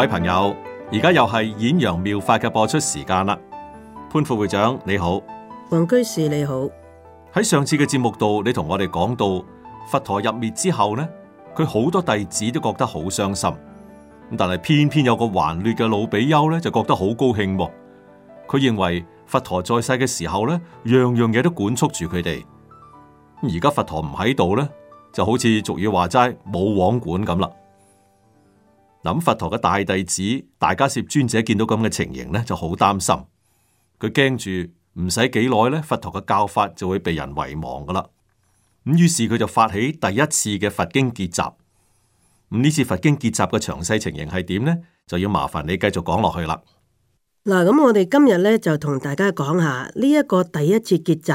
各位朋友，而家又係演揚妙法嘅播出時間啦。潘副會長你好，黃居士你好。喺上次嘅節目度，你同我哋講到佛陀入滅之後呢，佢好多弟子都覺得好傷心。咁但係偏偏有個頑劣嘅老比丘呢，就覺得好高興。佢認為佛陀在世嘅時候呢，樣樣嘢都管束住佢哋。而家佛陀唔喺度呢，就好似俗語話齋冇王管咁啦。諗佛陀嘅大弟子，大迦葉尊者見到咁嘅情形呢，就好擔心。佢驚住唔使幾耐咧，佛陀嘅教法就會被人遺忘噶啦。咁於是佢就發起第一次嘅佛經結集。咁呢次佛經結集嘅詳細情形係點呢？就要麻煩你繼續講落去啦。嗱，咁我哋今日咧就同大家講下呢一個第一次結集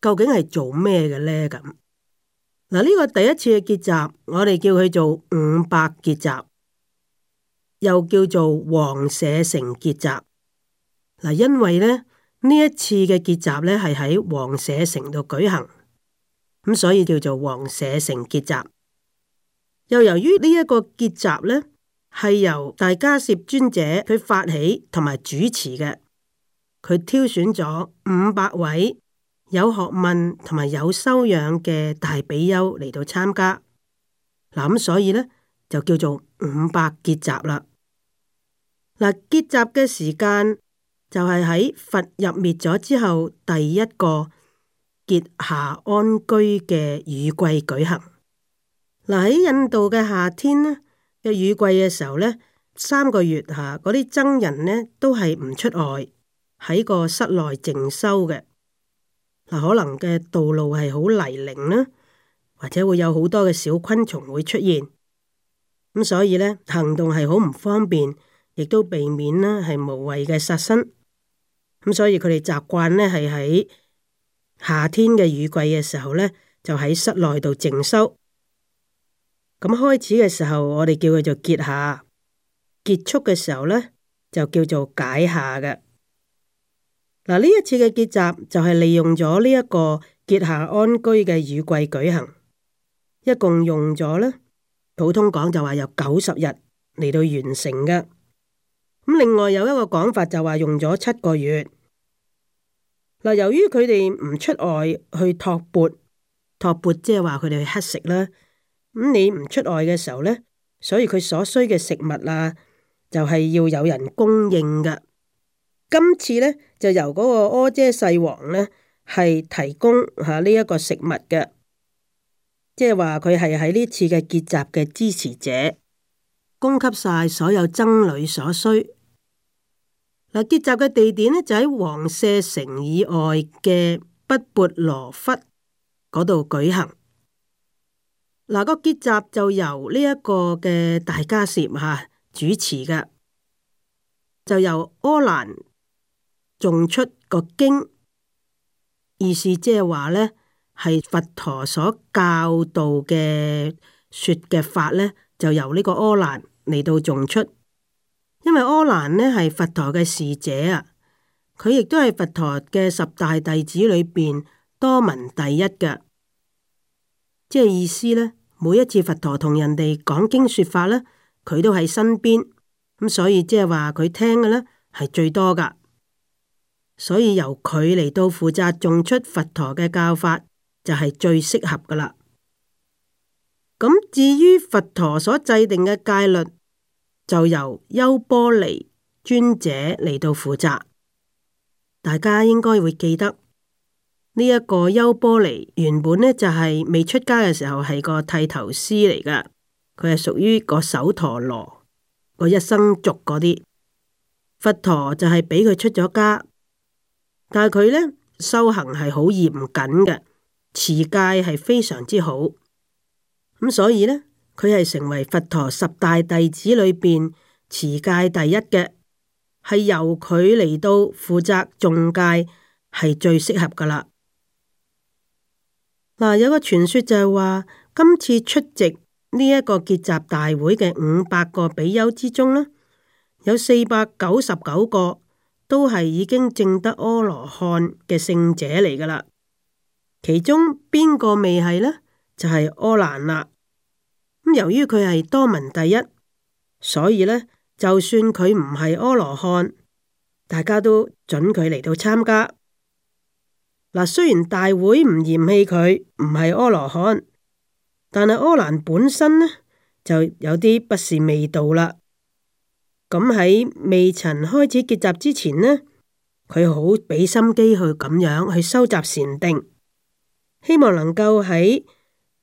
究竟係做咩嘅咧？咁嗱，呢個第一次嘅結集，我哋叫佢做五百結集。又叫做王舍城結集，嗱，因為咧呢一次嘅結集咧係喺王舍城度舉行，咁所以叫做王舍城結集。又由於呢一個結集呢係由大迦葉尊者佢發起同埋主持嘅，佢挑選咗五百位有學問同埋有修養嘅大比丘嚟到參加，嗱咁所以呢就叫做五百結集啦。嗱，結集嘅時間就係、是、喺佛入滅咗之後，第一個結夏安居嘅雨季舉行。嗱，喺印度嘅夏天呢，嘅雨季嘅時候呢，三個月下，嗰啲僧人呢都係唔出外，喺個室內靜修嘅。嗱，可能嘅道路係好泥濘啦，或者會有好多嘅小昆蟲會出現，咁所以呢行動係好唔方便。亦都避免呢係無謂嘅殺生，咁所以佢哋習慣呢，係喺夏天嘅雨季嘅時候呢，就喺室內度靜修。咁開始嘅時候，我哋叫佢做結夏；結束嘅時候呢，就叫做解夏嘅。嗱，呢一次嘅結集就係利用咗呢一個結夏安居嘅雨季舉行，一共用咗呢，普通講就話由九十日嚟到完成嘅。咁另外有一個講法就話用咗七個月嗱，由於佢哋唔出外去托缽托缽，即係話佢哋去乞食啦。咁你唔出外嘅時候呢，所以佢所需嘅食物啊，就係要有人供應噶。今次呢，就由嗰個阿闍世王呢，係提供吓呢一個食物嘅，即係話佢係喺呢次嘅結集嘅支持者。供給晒所有僧侶所需。嗱，結集嘅地點咧就喺王舍城以外嘅北勃羅忽嗰度舉行。嗱、那，個結集就由呢一個嘅大迦葉吓主持嘅，就由柯蘭誦出個經，意思即係話呢係佛陀所教導嘅說嘅法呢，就由呢個柯蘭嚟到誦出，因為阿難呢係佛陀嘅侍者啊，佢亦都係佛陀嘅十大弟子裏邊多聞第一嘅，即係意思呢，每一次佛陀同人哋講經說法呢，佢都喺身邊，咁所以即係話佢聽嘅呢係最多噶，所以由佢嚟到負責誦出佛陀嘅教法就係、是、最適合噶啦。咁至於佛陀所制定嘅戒律，就由優波尼尊者嚟到負責。大家應該會記得呢一個優波尼原本呢就係未出家嘅時候係個剃頭師嚟噶，佢係屬於個首陀羅個一生族嗰啲。佛陀就係俾佢出咗家，但係佢呢修行係好嚴謹嘅，持戒係非常之好。咁所以呢，佢係成為佛陀十大弟子裏邊持戒第一嘅，係由佢嚟到負責眾戒，係最適合噶啦。嗱，有個傳說就係話，今次出席呢一個結集大會嘅五百個比丘之中呢，有四百九十九個都係已經證得阿羅漢嘅聖者嚟噶啦，其中邊個未係呢？就係、是、阿難啦。咁由於佢係多聞第一，所以呢，就算佢唔係阿羅漢，大家都准佢嚟到參加。嗱，雖然大會唔嫌棄佢唔係阿羅漢，但係阿難本身呢就有啲不是味道啦。咁喺未曾開始結集之前呢，佢好俾心機去咁樣去收集禪定，希望能夠喺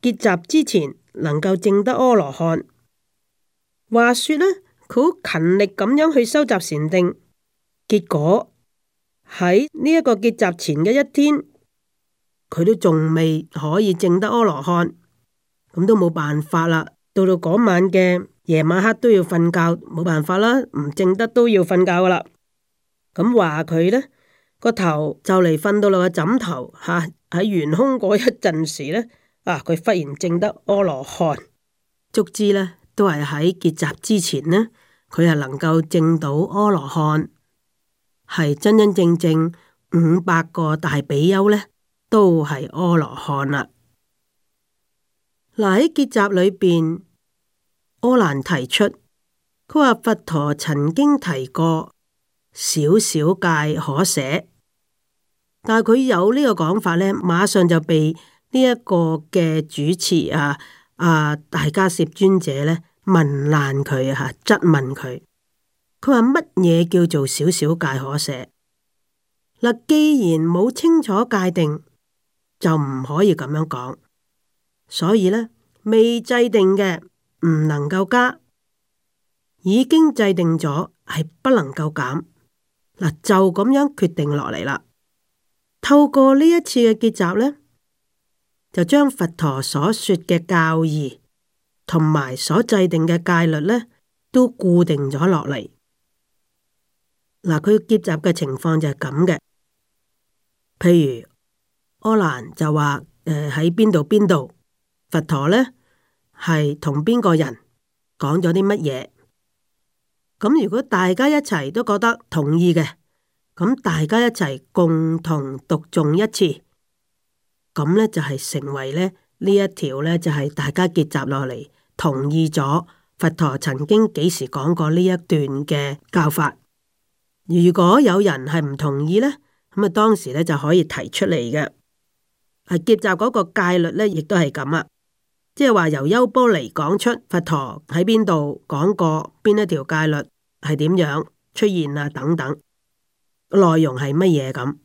結集之前。能夠證得阿羅漢。話說呢，佢好勤力咁樣去收集禪定，結果喺呢一個結集前嘅一天，佢都仲未可以證得阿羅漢，咁都冇辦法啦。到到嗰晚嘅夜晚黑都要瞓覺，冇辦法啦，唔證得都要瞓覺噶啦。咁話佢呢，個頭就嚟瞓到落個枕頭吓，喺懸空嗰一陣時呢。啊！佢忽然證得阿羅漢，足之咧都係喺結集之前呢，佢係能夠證到阿羅漢，係真真正正五百個大比丘咧都係阿羅漢啦。嗱、啊、喺結集裏邊，阿難提出佢話佛陀曾經提過小小戒可捨，但係佢有呢個講法呢，馬上就被。呢一個嘅主持啊啊，大迦葉尊者呢，問難佢啊，質問佢。佢話乜嘢叫做小小戒可捨？嗱，既然冇清楚界定，就唔可以咁樣講。所以呢，未制定嘅唔能夠加，已經制定咗係不能夠減。嗱,就咁樣決定落嚟啦。透過呢一次嘅結集呢。就將佛陀所說嘅教義同埋所制定嘅戒律咧，都固定咗落嚟。嗱，佢結集嘅情況就係咁嘅。譬如阿難就話：誒喺邊度邊度，佛陀呢係同邊個人講咗啲乜嘢？咁、嗯、如果大家一齊都覺得同意嘅，咁、嗯、大家一齊共同讀誦一次。咁呢就係成為呢，呢一條呢就係大家結集落嚟同意咗，佛陀曾經幾時講過呢一段嘅教法。如果有人係唔同意呢，咁啊當時呢就可以提出嚟嘅。係結集嗰個戒律呢，亦都係咁啊，即係話由優波離講出佛陀喺邊度講過邊一條戒律係點樣出現啊等等，內容係乜嘢咁。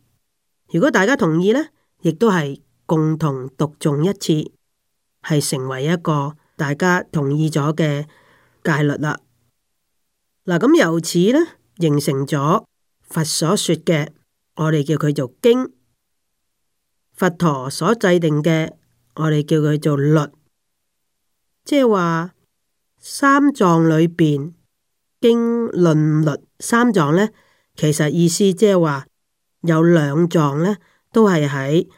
如果大家同意呢，亦都係。共同讀誦一次，係成為一個大家同意咗嘅戒律啦。嗱、啊，咁由此呢，形成咗佛所說嘅，我哋叫佢做經；佛陀所制定嘅，我哋叫佢做律。即係話三藏裏邊經論、論、律三藏呢，其實意思即係話有兩藏呢，都係喺。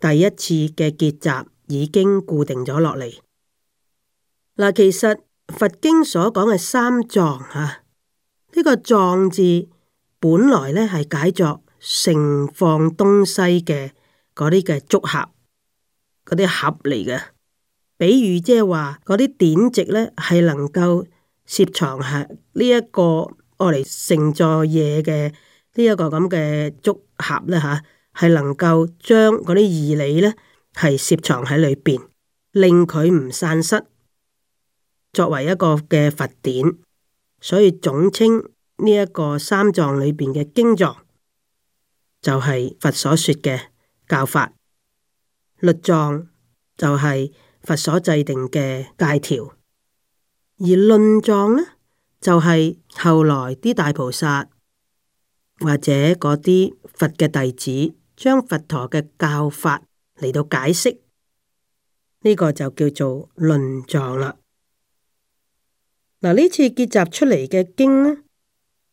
第一次嘅結集已經固定咗落嚟嗱，其實佛經所講嘅三藏啊，呢個藏字本來呢係解作盛放東西嘅嗰啲嘅竹盒，嗰啲盒嚟嘅。比喻即係話嗰啲典籍呢係能夠攝藏係呢一個愛嚟盛載嘢嘅呢一個咁嘅竹盒啦，吓。係能夠將嗰啲義理呢係攝藏喺裏邊，令佢唔散失，作為一個嘅佛典，所以總稱呢一個三藏裏邊嘅經藏，就係佛所說嘅教法；律藏就係佛所制定嘅戒條，而論藏呢就係後來啲大菩薩或者嗰啲佛嘅弟子。將佛陀嘅教法嚟到解釋，呢、這個就叫做論藏啦。嗱，呢次結集出嚟嘅經呢，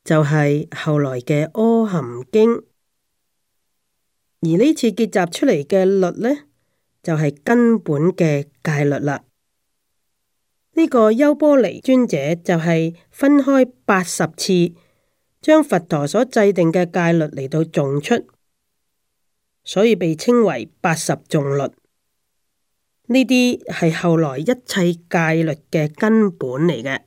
就係、是、後來嘅阿含經；而呢次結集出嚟嘅律呢，就係、是、根本嘅戒律啦。呢、這個優波離尊者就係分開八十次，將佛陀所制定嘅戒律嚟到誦出。所以被稱為八十誦律，呢啲係後來一切戒律嘅根本嚟嘅。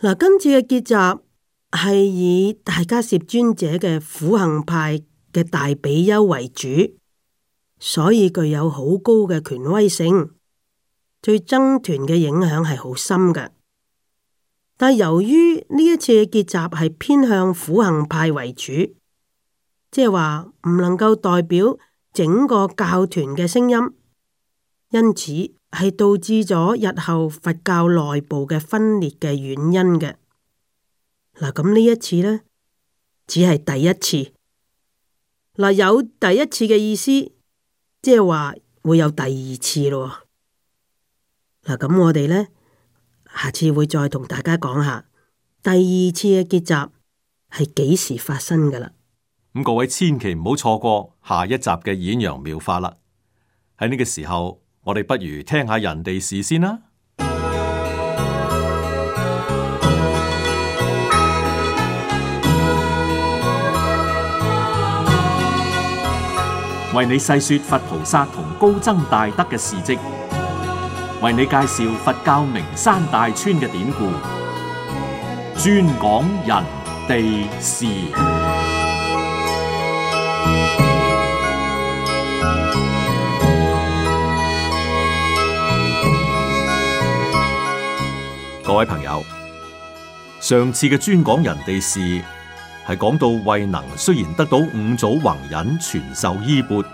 嗱，今次嘅結集係以大迦葉尊者嘅苦行派嘅大比丘為主，所以具有好高嘅權威性，對僧團嘅影響係好深嘅。但由於呢一次嘅結集係偏向苦行派為主。即係話唔能夠代表整個教團嘅聲音，因此係導致咗日後佛教內部嘅分裂嘅原因嘅。嗱，咁呢一次呢，只係第一次。嗱，有第一次嘅意思，即係話會有第二次咯。嗱，咁我哋呢，下次會再同大家講下第二次嘅結集係幾時發生噶啦。咁各位千祈唔好錯過下一集嘅演揚妙法啦！喺呢個時候，我哋不如聽下人哋事先啦。為你細說佛菩薩同高僧大德嘅事跡，為你介紹佛教名山大川嘅典故，專講人哋事。各位朋友，上次嘅專講人哋事係講到慧能雖然得到五祖弘忍傳授衣鉢，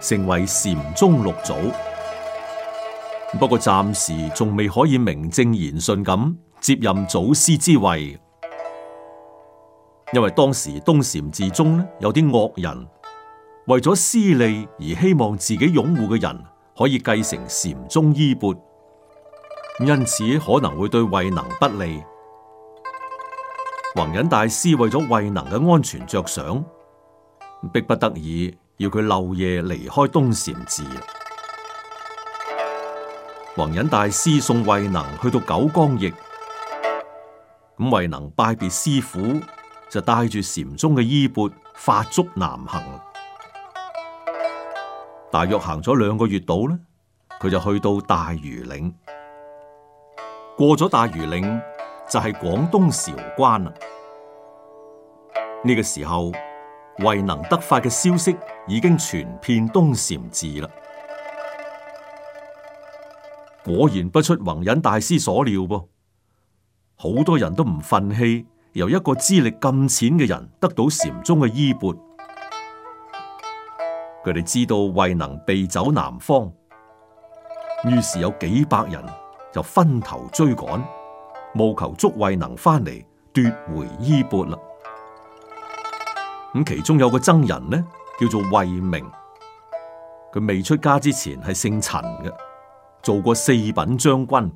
成為禪宗六祖，不過暫時仲未可以名正言順咁接任祖師之位，因為當時東禪寺中呢有啲惡人，為咗私利而希望自己擁護嘅人可以繼承禪宗衣鉢。因此可能會對慧能不利。弘忍大師為咗慧能嘅安全着想，逼不得已要佢漏夜離開東禪寺。弘忍大師送慧能去到九江驛，咁慧能拜別師傅，就帶住禪宗嘅衣缽，發足南行。大約行咗兩個月度咧，佢就去到大庾嶺。過咗大庾嶺就係、是、廣東韶關啦。呢、這個時候，慧能得法嘅消息已經傳遍東禪寺啦。果然不出弘忍大師所料噃，好多人都唔忿氣，由一個資歷咁淺嘅人得到禪宗嘅衣缽。佢哋知道慧能避走南方，於是有幾百人。就分頭追趕，務求祝慧能翻嚟奪回衣缽啦。咁其中有個僧人呢，叫做慧明，佢未出家之前係姓陳嘅，做過四品將軍，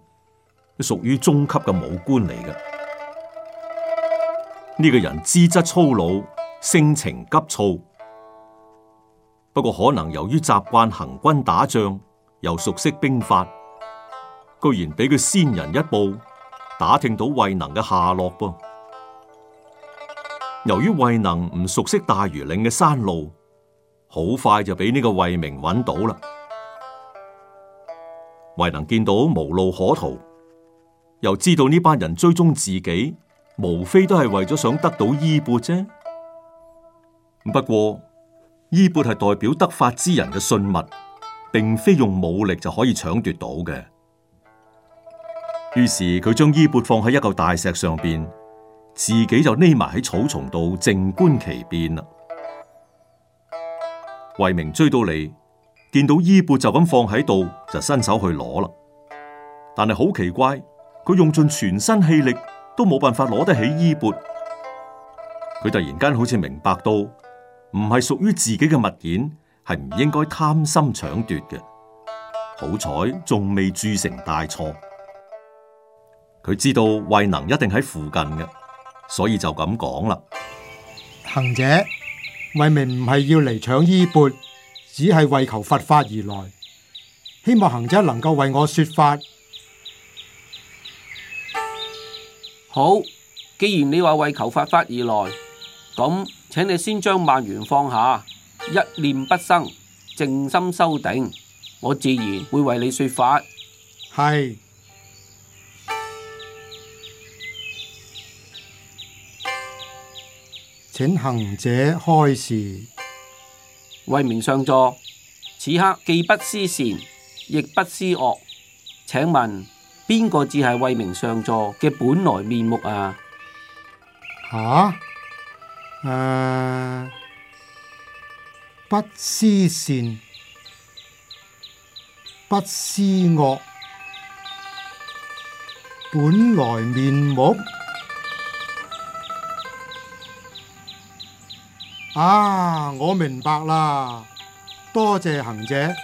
屬於中級嘅武官嚟嘅。呢個人資質粗魯，性情急躁，不過可能由於習慣行軍打仗，又熟悉兵法。居然俾佢先人一步打聽到慧能嘅下落噃。由於慧能唔熟悉大庾嶺嘅山路，好快就俾呢個慧明揾到啦。慧能見到無路可逃，又知道呢班人追蹤自己，無非都係為咗想得到衣鉢啫。不過衣鉢係代表得法之人嘅信物，並非用武力就可以搶奪到嘅。於是佢將衣缽放喺一嚿大石上邊，自己就匿埋喺草叢度靜觀其變啦。慧明追到嚟，見到衣缽就咁放喺度，就伸手去攞啦。但係好奇怪，佢用盡全身氣力都冇辦法攞得起衣缽。佢突然間好似明白到，唔係屬於自己嘅物件係唔應該貪心搶奪嘅。好彩仲未鑄成大錯。佢知道慧能一定喺附近嘅，所以就咁講啦。行者，慧明唔係要嚟搶衣缽，只係為求佛法而來，希望行者能夠為我說法。好，既然你話為求佛法而來，咁請你先將萬緣放下，一念不生，靜心修定，我自然會為你說法。係。請行者開示，慧明上座，此刻既不思善，亦不思惡。請問邊個只係慧明上座嘅本來面目啊？吓、啊，誒、啊，不思善，不思惡，本來面目。啊，我明白啦，多謝行者，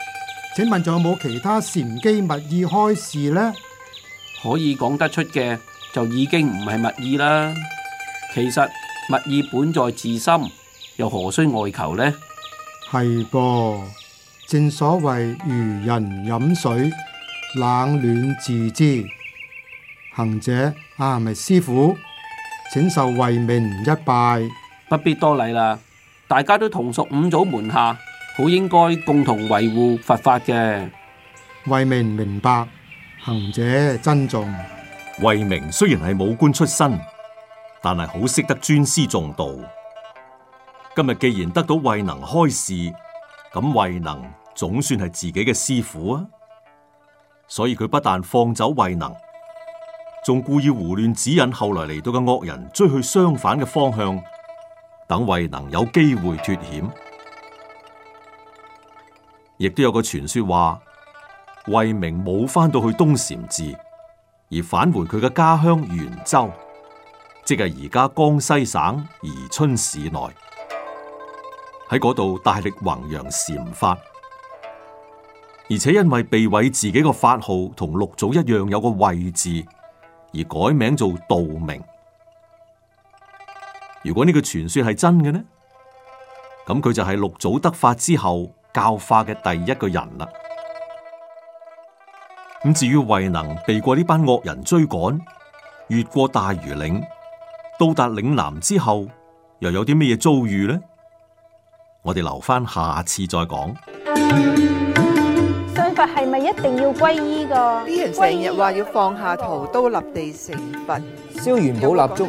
請問仲有冇其他禪機密意開示呢？可以講得出嘅就已經唔係密意啦。其實密意本在自心，又何須外求呢？係噃，正所謂如人飲水，冷暖自知。行者啊，咪師傅，請受慧明一拜，不必多禮啦。大家都同屬五祖門下，好應該共同維護佛法嘅。慧明明白，行者珍重。慧明雖然係武官出身，但係好識得尊師重道。今日既然得到慧能開示，咁慧能總算係自己嘅師父啊！所以佢不但放走慧能，仲故意胡亂指引後來嚟到嘅惡人追去相反嘅方向。等慧能有機會脫險，亦都有個傳說話，慧明冇翻到去東禪寺，而返回佢嘅家鄉袁州，即係而家江西省宜春市內，喺嗰度大力弘揚禪法，而且因為避諱自己個法號同六祖一樣有個慧字，而改名做道明。如果呢個傳說係真嘅呢，咁佢就係六祖得法之後教化嘅第一個人啦。咁至於慧能避過呢班惡人追趕，越過大庾嶺，到達嶺南之後，又有啲咩嘢遭遇呢？我哋留翻下次再講。信佛係咪一定要皈依個？啲人成日話要放下屠刀立地成佛，燒元寶蠟燭、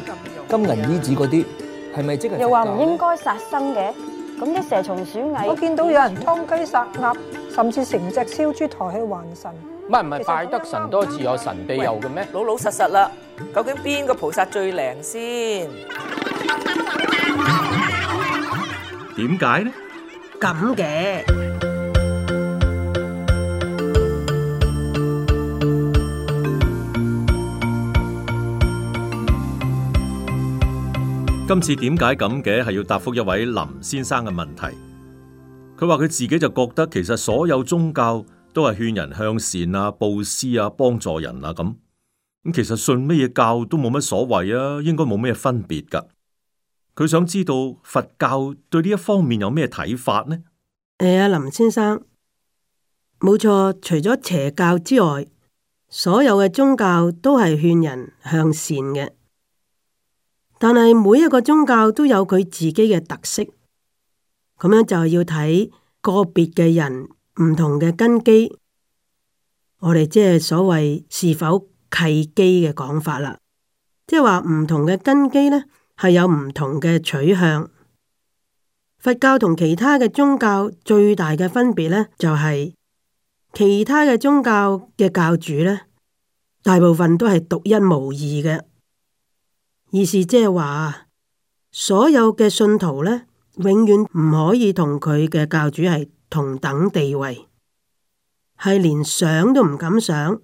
金銀衣紙嗰啲。又話唔應該殺生嘅，咁啲蛇蟲鼠蟻，我見到有人劏雞殺鴨，甚至成隻燒豬抬去還神，唔係唔係拜得神多自有神庇佑嘅咩？老老實實啦，究竟邊個菩薩最靈先？點解呢？咁嘅。今次點解咁嘅？係要答覆一位林先生嘅問題。佢話佢自己就覺得，其實所有宗教都係勸人向善啊、布施啊、幫助人啊咁。咁其實信乜嘢教都冇乜所謂啊，應該冇咩分別噶。佢想知道佛教對呢一方面有咩睇法呢？哎呀，林先生，冇錯，除咗邪教之外，所有嘅宗教都係勸人向善嘅。但係每一個宗教都有佢自己嘅特色，咁樣就要睇個別嘅人唔同嘅根基，我哋即係所謂是否契機嘅講法啦，即係話唔同嘅根基呢係有唔同嘅取向。佛教同其他嘅宗教最大嘅分別呢，就係其他嘅宗教嘅教主呢，大部分都係獨一無二嘅。意思即係話，所有嘅信徒呢，永遠唔可以同佢嘅教主係同等地位，係連想都唔敢想，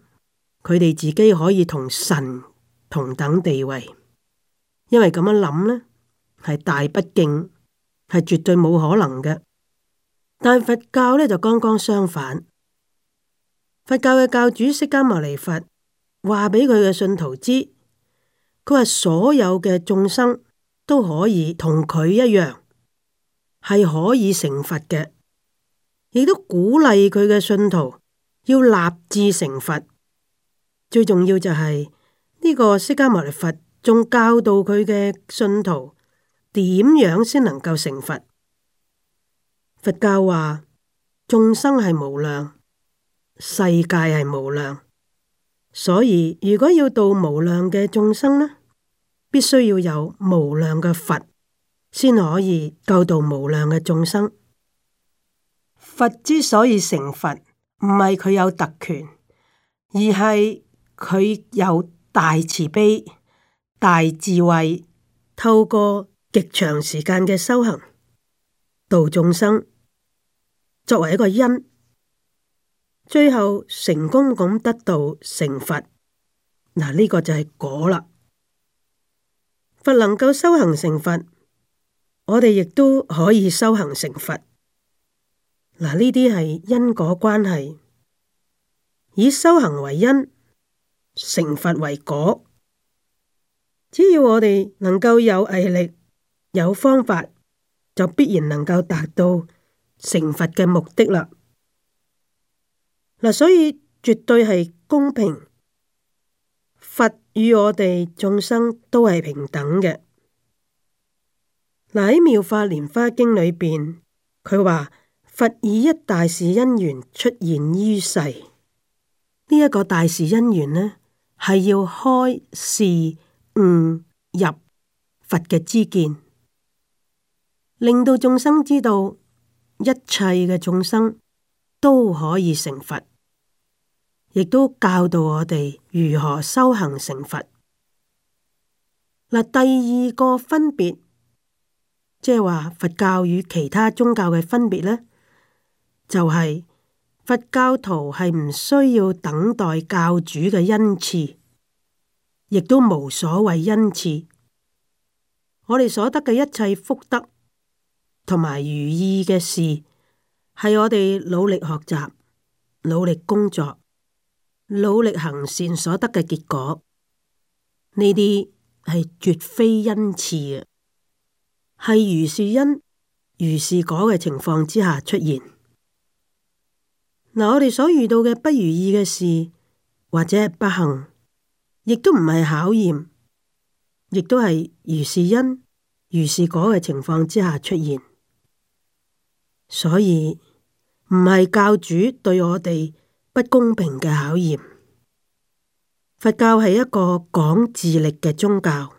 佢哋自己可以同神同等地位，因為咁樣諗呢，係大不敬，係絕對冇可能嘅。但佛教呢，就剛剛相反，佛教嘅教主釋迦牟尼佛話俾佢嘅信徒知。佢話所有嘅眾生都可以同佢一樣，係可以成佛嘅，亦都鼓勵佢嘅信徒要立志成佛。最重要就係呢個釋迦牟尼佛仲教導佢嘅信徒點樣先能夠成佛。佛教話眾生係無量，世界係無量。所以，如果要度無量嘅眾生呢，必須要有無量嘅佛，先可以救度無量嘅眾生。佛之所以成佛，唔係佢有特權，而係佢有大慈悲、大智慧，透過極長時間嘅修行，度眾生，作為一個因。最後成功咁得到成佛，嗱，呢個就係果啦。佛能夠修行成佛，我哋亦都可以修行成佛。嗱，呢啲係因果關係，以修行為因，成佛為果。只要我哋能夠有毅力、有方法，就必然能夠達到成佛嘅目的啦。嗱，所以絕對係公平，佛與我哋眾生都係平等嘅。嗱，喺《妙法蓮花經》裏邊，佢話佛以一大事因緣出現於世。呢、這、一個大事因緣呢，係要開示悟入佛嘅知見，令到眾生知道一切嘅眾生都可以成佛。亦都教導我哋如何修行成佛。嗱，第二個分別，即係話佛教與其他宗教嘅分別呢，就係佛教徒係唔需要等待教主嘅恩賜，亦都無所謂恩賜。我哋所得嘅一切福德同埋如意嘅事，係我哋努力學習、努力工作。努力行善所得嘅結果，呢啲係絕非恩賜嘅，係如是因如是果嘅情況之下出現。嗱，我哋所遇到嘅不如意嘅事或者不幸，亦都唔係考驗，亦都係如是因如是果嘅情況之下出現。所以唔係教主對我哋。不公平嘅考驗。佛教係一個講自力嘅宗教。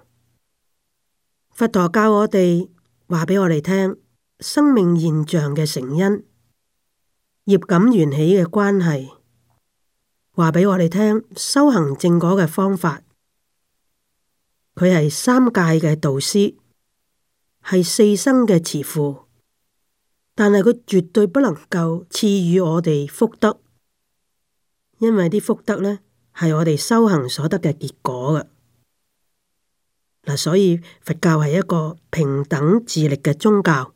佛陀教我哋話俾我哋聽生命現象嘅成因、業感緣起嘅關係，話俾我哋聽修行正果嘅方法。佢係三界嘅導師，係四生嘅慈父，但係佢絕對不能夠賜予我哋福德。因為啲福德呢，係我哋修行所得嘅結果噶嗱，所以佛教係一個平等自力嘅宗教。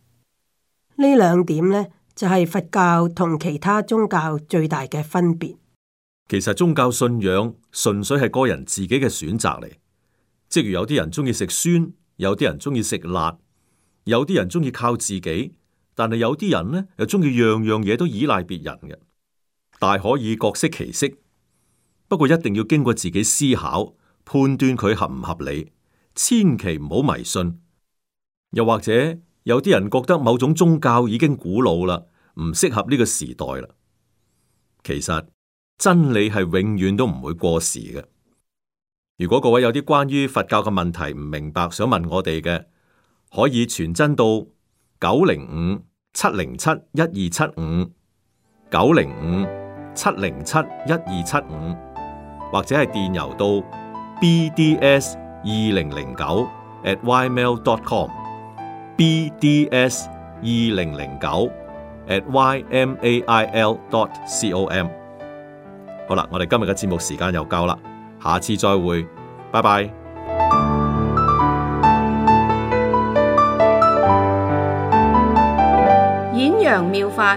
呢兩點呢，就係佛教同其他宗教最大嘅分別。其實宗教信仰純粹係個人自己嘅選擇嚟，即如有啲人中意食酸，有啲人中意食辣，有啲人中意靠自己，但係有啲人呢，又中意樣樣嘢都依賴別人嘅。大可以各識其色，不過一定要經過自己思考判斷佢合唔合理，千祈唔好迷信。又或者有啲人覺得某種宗教已經古老啦，唔適合呢個時代啦。其實真理係永遠都唔會過時嘅。如果各位有啲關於佛教嘅問題唔明白，想問我哋嘅，可以傳真到九零五七零七一二七五九零五。七零七一二七五，或者係電郵到 bds 二零零九 atymail.com，bds 二零零九 atymail.com。好啦，我哋今日嘅節目時間又夠啦，下次再會，拜拜。演揚妙法。